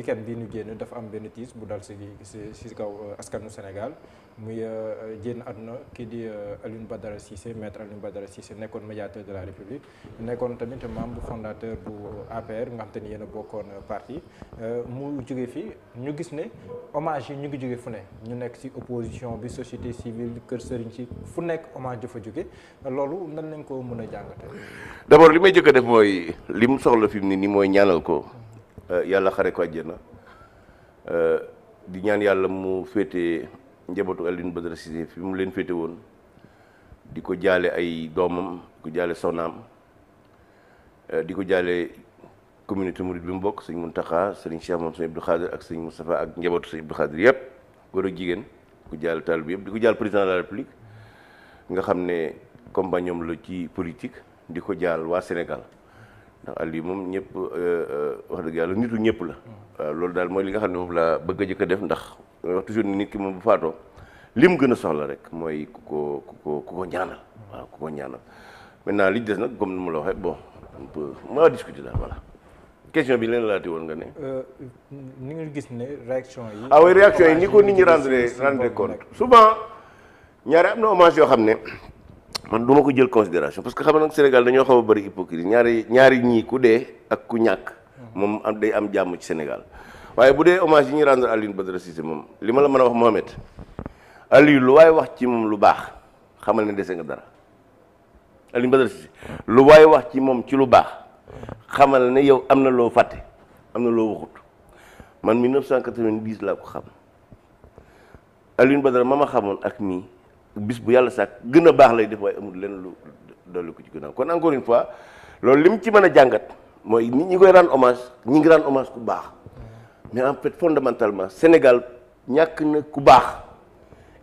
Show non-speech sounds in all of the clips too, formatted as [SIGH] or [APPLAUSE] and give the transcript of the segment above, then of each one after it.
weekend bii ñu génn dafa am benn tiis bu dal si si kaw euh, askanu Sénégal muy euh, génn àdduna kii di euh, Alioune Badara Cissé maître Alioune Badara se nekkoon médiateur de la République nekkoon tamit membre fondateur bu APR nga xam te ni yéen a bokkoon parti mu jóge fi ñu gis ne omage yi ñu ngi jóge fu ne ñu nekk si opposition bi société civile kër sëriñ si fu nekk hommage dafa jóge loolu nan lañ ko mën a jàngate d'abord li may jëkk a def mooy li mu soxla fi mu ne nii mooy ñaanal ko Euh, yàlla xare ko àjjana euh, di ñaan yàlla mu féete njabootu Alioune Badara Cissé fi mu leen féete woon di ko jaale ay doomam di ko jaale sonaam euh, di ko jaale communauté Mouride bi mu bokk sëñ Mountakha sëriñ Cheikh moom sëñ Abdou Khadir ak sëñ Moustapha ak njabootu sëñ Abdou Khadir yëpp góor jigéen di ko jaale taal bi yëpp di ko jaal président de la république nga xam ne compagnon la ci politique di ko jaal waa Sénégal. ndax Aliou moom ñëpp euh, euh, wax dëgg yàlla nitu ñëpp la. loolu daal mooy li nga xam ne moom laa bëgg a jëkk def ndax wax toujours nit ki moom bu faatoo mu gën a soxla rek mooy ku ko ku ko ku ko ñaanal waaw ku ko ñaanal maintenant li des nag comme ni ma la waxee bon on peut discuter daal voilà. question bi leen laati woon nga ne. Euh, ni nga gis ne réaction yi. ah oui réaction yi ni ko nit ñi rendre rendre compte souvent ñaari am na hommage yoo xam ne. man du ma jël considération parce que xam nag Sénégal dañoo xaw a bëri ñaari ñaari ñii ku dee ak ku ñàkk moom am day am jàmm ci Sénégal waaye bu dee hommage yi ñu ñuy rendre Alioune Badara Cissé moom li ma la mën a wax Mohamed Aliou lu waaye wax ci moom lu baax xamal ne dese nga dara Alioune Badara Cissé lu waaye wax ci moom ci lu baax xamal ne yow am na loo fàtte am na loo waxut man 1990 laa ko xam Alioune Badara ma ma xamoon ak mii bis bu yàlla sàkk gën a baax lay def waaye amul leen lu dolli ko ci gën a kon encore une fois loolu li mu ci mën a jàngat mooy nit ñi koy rendre hommage ñi ngi rendre hommage ku baax mais en fait fondamentalement Sénégal ñàkk na ku baax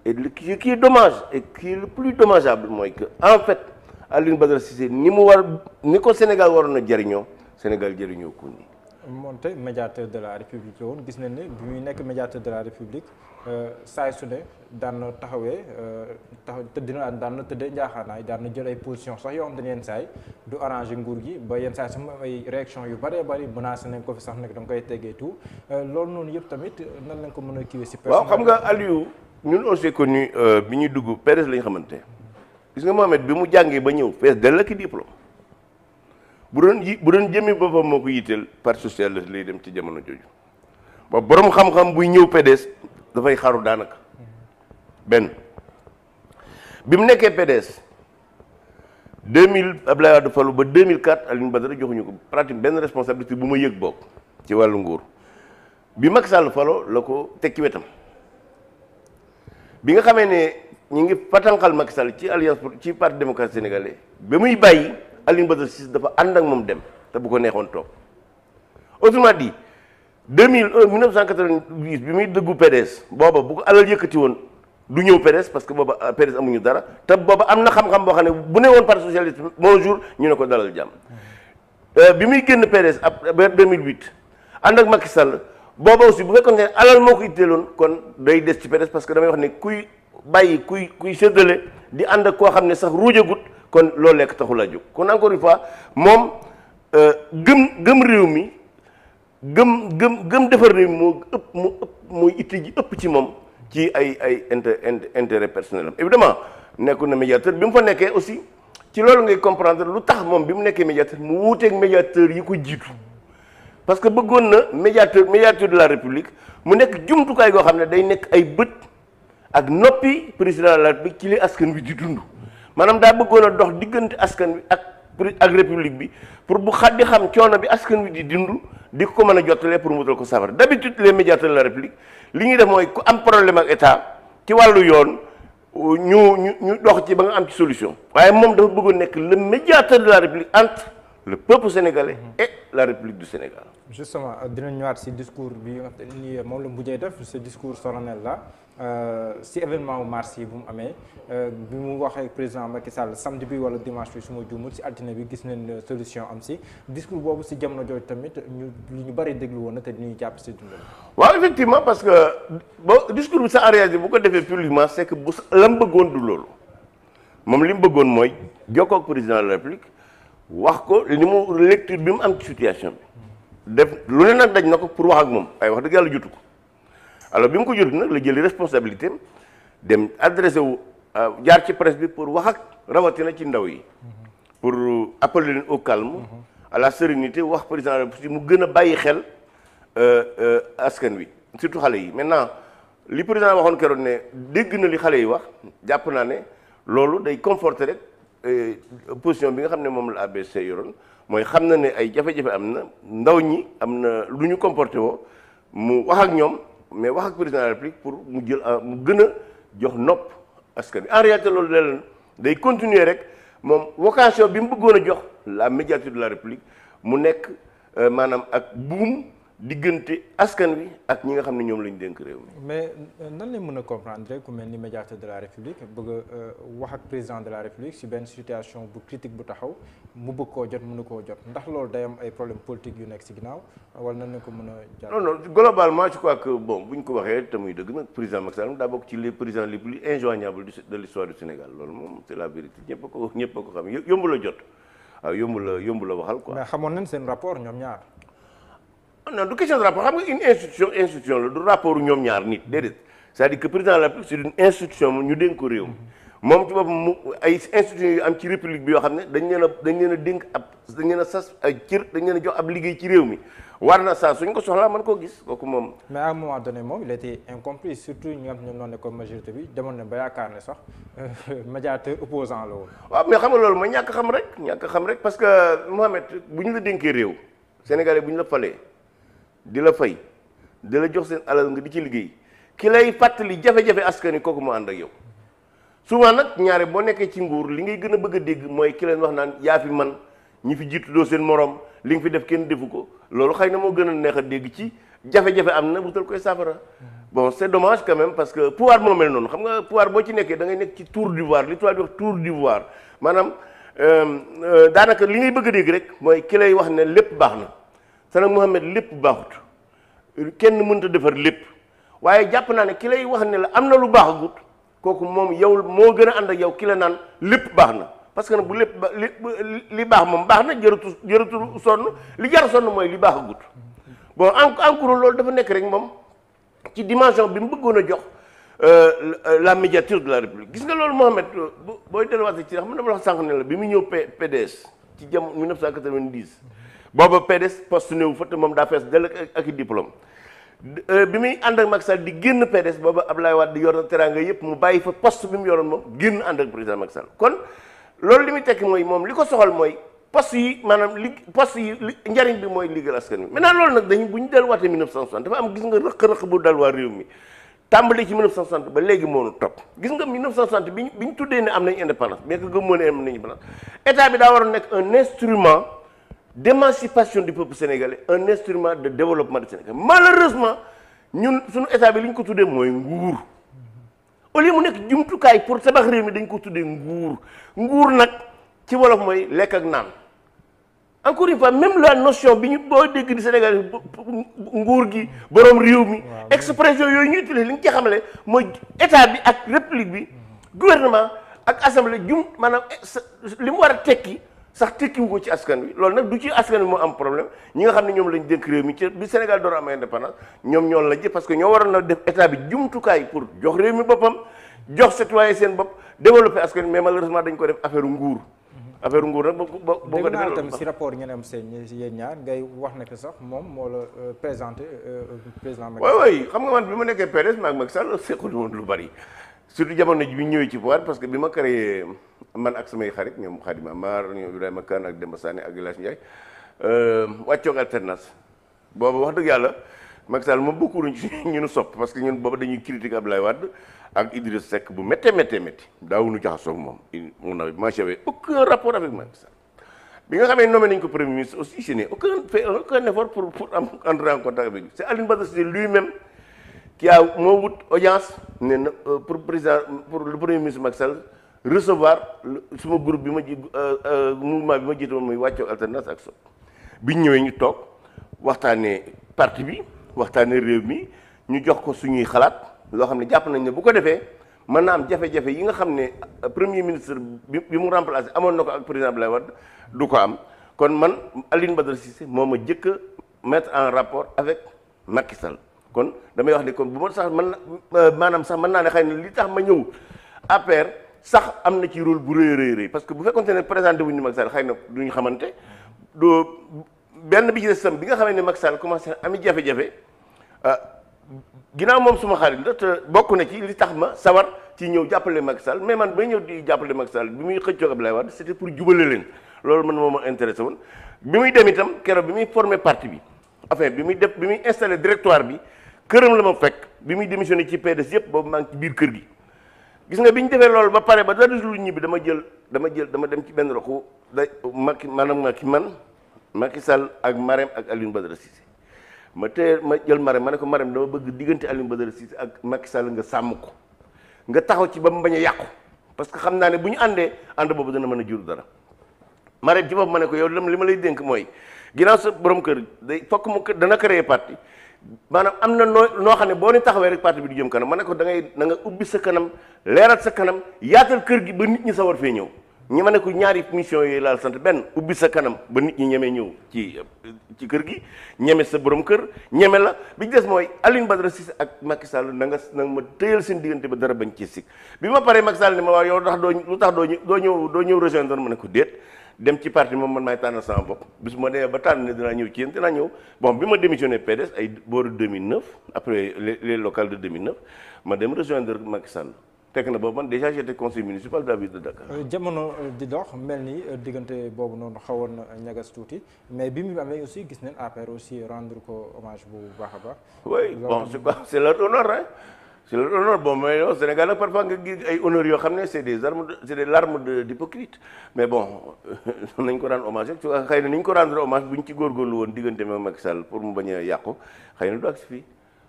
et le kii est dommage et kii est le plus dommageable mooy que en fait Alioune Badara Cissé ni mu war ni ko Sénégal waroon na jëriñoo Sénégal jëriñoo ko nii. moonte médiateur de la République la woon gis nañ ne bi muy nekk médiateur de la République. Euh, saay su ne daan na taxawee euh, taxaw dina daan na tëddee njaaxaanaay daan na jël ay position sax yoo xam te ne yenn saay du arrangé gi ba yenn saay sama ay yu bëree bëri menacé ko sax nekk da nga koy teggee tout euh, loolu noonu yëpp tamit nan lañ ko mën a kiiwee si waaw xam nga Aliou ñun on s'est connu bi ñuy dugg Pérez la xamante gis nga Mohamed bi mu jàngee ba ñëw fees dell ak diplôme bu doon yi bu doon jëmmi boppam moo ko yitteel parti socialiste lay dem ci jamono jooju ba borom xam-xam buy ñëw PDS dafay xaru daanaka benn bi mu nekkee mille ab Abdoulaye Wade falu ba mille 2004 Alioune Badara joxuñu ko pratique benn responsabilité bu ma yëg bokk ci wàllu nguur bi Macky Sall falo la ko teg ci wetam bi nga xamee ne ñu ngi fatanqal Macky Sall ci alliance pour ci parti démocratique sénégalais ba muy bàyyi Alioune Badara Cissé dafa ànd ak moom dem te bu ko neexoon toog autrement 2001 1988 bi muy dëggu PDS booba bu ko alal yëkkati woon du ñëw PDS parce que booba euh, PDS amuñu dara te booba am na xam-xam boo xam ne bu ne woon parti socialiste bonjour ñu ne ko dalal jàmm hmm. euh, bi muy génn PDS après 2008 ànd ak Macky Sall booba aussi bu fekkoon ne alal moo ko loon kon day des ci PDS parce que damay wax ne kuy bàyyi kuy kuy séddale di ànd ak koo xam ne sax ruujagut kon loo lekk taxul a jóg kon encore une fois moom euh, gëm gëm réew mi. gëm gëm gëm defar réew mi moo ëpp mu ëpp mooy itte ji ëpp ci moom ci ay ay inter intérêt personnel am évidemment nekku na médiateur bi mu fa nekkee aussi ci loolu ngay comprendre lu tax moom bi mu nekkee médiateur mu wuuteeg médiateur yi ko jiitu parce que bëggoon na médiateur médiateur de la république mu nekk jumtukaay goo xam ne day nekk ay bët ak noppi président la république ci li askan wi di dund maanaam daa bëggoon a dox diggante askan wi ak ak république bi pour bu xa di xam coono bi askan wi di dund di ko mën a jot lee pour mu wutal ko safara d'habitude les médiateurs de la république li ñuy def mooy ku am problème ak état ci wàllu yoon ñu ñu ñu dox ci ba nga am ci solution. waaye moom dafa bëgg nekk le médiateur de la république entre le peuple sénégalais mhm. et la république du Sénégal. justement dina ñëwaat si discours bi nga xam ni moom la mujjee def ce discours solennel la Euh, si événement wu yi bu mu amee euh, bi mu waxee président Macky Sall samedi bi wala dimanche bi su ma juumul si altine bi gis nañ euh, solution am si discours boobu si jamono jooju tamit ñu lu ñu bëri déglu woon na te ñu jàpp si dundal. waaw effectivement parce que boo discours bi sa en réalité bu ko defee publiquement c'est que bu la mu bëggoon du loolu moom li mu bëggoon mooy jokkoo ak président de la wax ko li mu lecture bi mu am situation def lu ne nag daj na ko pour wax ak moom ay wax dëgg yàlla jutu ko. alors bi mu ko jur nag la jëli responsabilité dem adressé wu euh, jaar ci presse bi pour wax ak rawatina ci ndaw yi pour appeler leen au calme mhm. à la sérénité wax président si mu gën a bàyyi xel euh, euh, askan wi surtout xale yi maintenant li président waxoon keroon ne dégg na li xale yi wax jàpp naa ne loolu day conforter rek position bi nga xam ne moom la ABC yoroon mooy xam na ne ay jafe-jafe am na ndaw ñi am na lu ñu comporté woo mu wax ak ñoom mais wax ak président de la République pour mu jël euh, mu gën a jox nopp askan bi en réalité loolu da day continuer rek moom vocation bi mu bëggoon a jox la médiature de la République mu nekk euh, maanaam ak buum. diggante askan wi ak ñi nga xam ne ñoom lañu dénk réew mi. mais euh, nan lañ mën a comprendre ku mel ni médiateur de la république bëgg euh, wax ak président de la république si benn situation bu critique bu taxaw mu bëgg koo jot mu mënu koo jot ndax loolu day am ay problème politique yu nekk si ginnaaw wala nan lañ ko mën a. jàpp non non globalement je crois que bon ko waxee te muy dëgg nag président Macky Sall daa bokk ci les présidents les plus injoignables de l'histoire du Sénégal la vérité ñëpp ñëpp a ko jot waaw ah, yomb la yomb la waxal nañ seen rapport ñoom ñaar. Ah, non du question de rapport xam nga une institution institution la du rapport ñoom ñaar nit déedéet c'est-à-dire que président la République c'est une institution ñu dénk ko réew moom ci boppam mu ay institutions yu am ci république bi yoo xam ne dañ leen a dañ leen a dénk ab dañ leen a sas ay cër dañ leen a jox ab liggéey ci réew mi war na saa suñ ko soxlaa mën koo gis kooku moom. mais à un moment donné moom il était incompris surtout ñi nga ñoom ñoo nekkoon majorité bi demoon na ba yaakaar ne sax euh, médiateur opposant la woon. waaw mais xam nga loolu mooy ñàkk xam rek ñàkk xam rek parce que Mohamed bu ñu la dénkee réew Sénégalais bu ñu la falee. di la fay di la jox seen alal nga di ci liggéey ki lay fàttali jafe-jafe askan kooku mu ànd ak yow souvent nag ñaare boo nekkee ci nguur li ngay gën a bëgg a dégg mooy ki leen wax naan yaa man ñi fi jiitu doo seen morom li nga fi def kenn defu ko loolu xëy na moo gën a neex a dégg ci jafe-jafe am na wutal koy saafara bon c'est dommage quand même parce que pouvoir moo mel noonu xam nga pouvoir boo ci nekkee da ngay nekk ci tour d'ivoire li tubaab di wax tour d'ivoire maanaam euh, euh, daanaka li ngay bëgg a rek mooy ki lay wax ne lépp baax na te nag lépp baaxut kenn mënta defar lépp waaye jàpp naa ne ki lay wax ne la am na lu baaxagut kooku moom yow moo gën a ànd ak yow kilo naan lépp baax na parce que nag bu lépp li li baax moom baax na jërëtu jërëtu sonn li jar sonn mooy li baaxagut bon en en loolu dafa nekk rek moom ci dimension bi mu bëggoon a jox euh, la médiature de la république gis nga loolu Mouhamed euh, booy delluwaatee ci xam nga dama la wax sànq ne bi mu ñëw P PDS ci jam 1990. booba PDS post néew fa moom daa fees dell ak i diplôme euh, bi muy ànd ak Macky di génn PDS booba Abdoulaye Wade yor teraanga yëpp mu bàyyi fa post bi mu yoroon moom génn ànd ak président Macky kon loolu li muy tekki mooy moom li ko soxal mooy poste yi maanaam li poste yi njariñ bi mooy liggéeyal askan wi maintenant loolu nag dañu bu ñu delluwaatee 1960 dafa am gis nga rëq-rëq bu dal waa réew mi tàmbali ci ba léegi moo nu topp gis nga 1960 bi ñu bi ñu tuddee ne am nañ indépendance mais que gëmmoo ne d'émancipation du peuple sénégalais un instrument de développement du Sénégal malheureusement ñun suñu état bi li ñu ko tuddee mooy nguur au lieu mu nekk jumtukaay pour tabax réew mi dañ ko tuddee nguur nguur nag ci wolof mooy lekk ak naan encore une fois même la notion bi ñu boo dégg di Sénégal nguur gi borom réew mi expression yooyu ñu utiliser li ñu ci xamale mooy état bi ak république bi gouvernement ak assemblée jum maanaam eh, li mu war a tekki sax tekkiwu ko ci askan wi loolu nag du ci askan wi moo am problème ñi nga xam ne ñoom lañ dénk réew mi ci bi Sénégal door am indépendance ñoom ñoo la jë parce que ñoo waroon a def état bi jumtukaay pour jox réew mi boppam jox citoyen seen bopp développer askan wi mais malheureusement dañ ko def affaire nguur. affaire nguur nag boo boo boo ko defee tamit si rapport ngeen am seen yéen ñaar ngay wax ne sax moom moo la euh, présenté euh, président Macky Sall. waay waay xam nga man bi ma nekkee PDS maag Macky Sall sequt woon lu bari. surtout jamono ji bi ñëwee ci foire parce que bi ma créé man ak samay xarit ñoom Khadim Amar ñoom Ibrahima Kane ak Demba Sané ak Ilaas Ndiaye euh, wàccoog alternance boobu wax dëgg yàlla Macky Sall moom bokkuñu ci [LAUGHS] ñu nu sopp parce que ñun boobu dañuy critique Abdoulaye Wade ak Idriss Seck bu méttee méttee métti daawuñu jaxasoo ak moom on n'avait aucun rapport avec Macky Sall bi nga xamee nommé nañ ko premier ministre aussi je n'ai aucun fait aucun effort am entrer en contact avec lui c'est qui a moo wut audience ne na euh, pour président pour le premier ministre Macky Sall recevoir suma groupe bi ma ji euh, euh, mouvement bi ma muy wàccoo alternance ak so bi ñëwee ñu toog waxtaanee parti bi waxtaane réew mi ñu jox ko suñuy xalaat loo xam ne jàpp nañ ne bu ko defee mën naa am jafe-jafe yi nga xam ne premier ministre bi bi mu remplacé amoon na ko ak président Abdoulaye Wade du ko am kon man Alioune Badara Cissé moom ma jëkk a mettre en rapport avec Macky Sall kon damay wax ni kon bu ma sax man euh, maanaam sax man naa ne xëy na li tax ma ñëw APR sax am na ci rôle bu rëy rëy parce que bu fekkonte ne présenté wuñu Macky Sall xëy na duñu xamante doo benn bi ci bi nga xamee ne Macky Sall commencé ami jafe-jafe euh, moom suma xarit la bokk na ci li tax ma sawar ci ñëw jàppale mag Sall mais man bay ñëw di jàppale Macky Sall bi muy xëccoo Abdoulaye Wade c'était pour jubale leen loolu man moo ma intéressé woon bi muy dem itam kero bi muy formé partie bi enfin bi muy def bi muy installé directoire bi këram la ma fekk bi muy démissionné ci PDS yëpp boobu maa ngi ci biir kër gi gis nga bi ñu defee loolu ba pare ba dara lu ñibbi dama jël dama jël dama dem ci benn roxu day Macky maanaam Macky man Macky Sall ak Marème ak Alioune Badara Cissé ma téye ma jël Marème ma ne ko Marème dama bëgg diggante Alioune Badara Cissé ak Macky Sall nga sàmm ko nga taxaw ci ba mu bañ yàqu parce que xam naa ne bu ñu àndee ànd boobu dana mën a jur dara Marème ci boppam ma ne ko yow li ma lay dénk mooy ginnaaw sa borom kër day fokk mu dana créer parti maanaam am na noo noo xam ne boo ni taxawee rek parti bi di jëm kanam ma ne ko dangay ngay nga ubbi sa kanam leeral sa kanam yaatal kër gi ba nit ñi war fee ñëw ñi ma ne ko ñaari mission yooyu laal sant benn ubbi sa kanam ba nit ñi ñeme ñëw ci ci kër gi ñeme sa borom kër ñeme la bi ñu des mooy Alioune Badara Cissé ak Macky Sall na nga na nga ma téyal seen diggante ba dara bañ ci sikk bi ma paree Macky Sall ne ma waaw yow tax doo lu tax doo ñëw doo ñëw doo ñëw rejoindre ma ne ko déet dem ci parti moom man maay tànnal sama bopp bis ma demee ba tànn ne dinaa ñëw ci yéen dinaa ñëw bon bi ma démissionné PDS ay booru 2009 après les local locales de 2009 ma dem rejoindre Macky Sall fekk na boobu man déjà j'étais conseil municipal de la ville de Dakar. Euh, jamono euh, di dox mel ni euh, diggante boobu noonu xawoon na ñagas tuuti mais bi mu amee aussi gis nañ APR aussi rendre ko hommage bu baax a baax. oui bon c'est quoi c'est leur honneur hein. c'est l'honneur bon mais au Sénégal nag parfois nga gis xam ne c'est des [LAUGHS] nañ ko rendre hommage rek na ni ñu ko rendre hommage bu ñu ci góorgóorlu woon diggante ma a yàqu na du agsi fii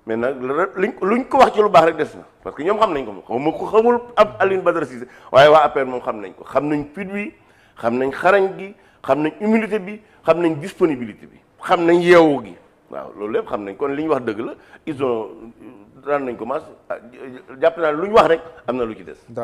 luñ ko wax ci lu baax rek des na parce que ñoom xam nañ ko moom xaw ma ko xamul ab Aline Badara Cissé waaye waa APR xam nañ xam nañ fit bi xam nañ xarañ gi xam nañ humilité bi xam nañ disponibilité bi xam nañ yeewu gi waaw loolu lépp xam nañ kon li ñu wax dëgg la ils daan nañ ko ah, jàpp naa lu ñu wax rek am na lu ci des.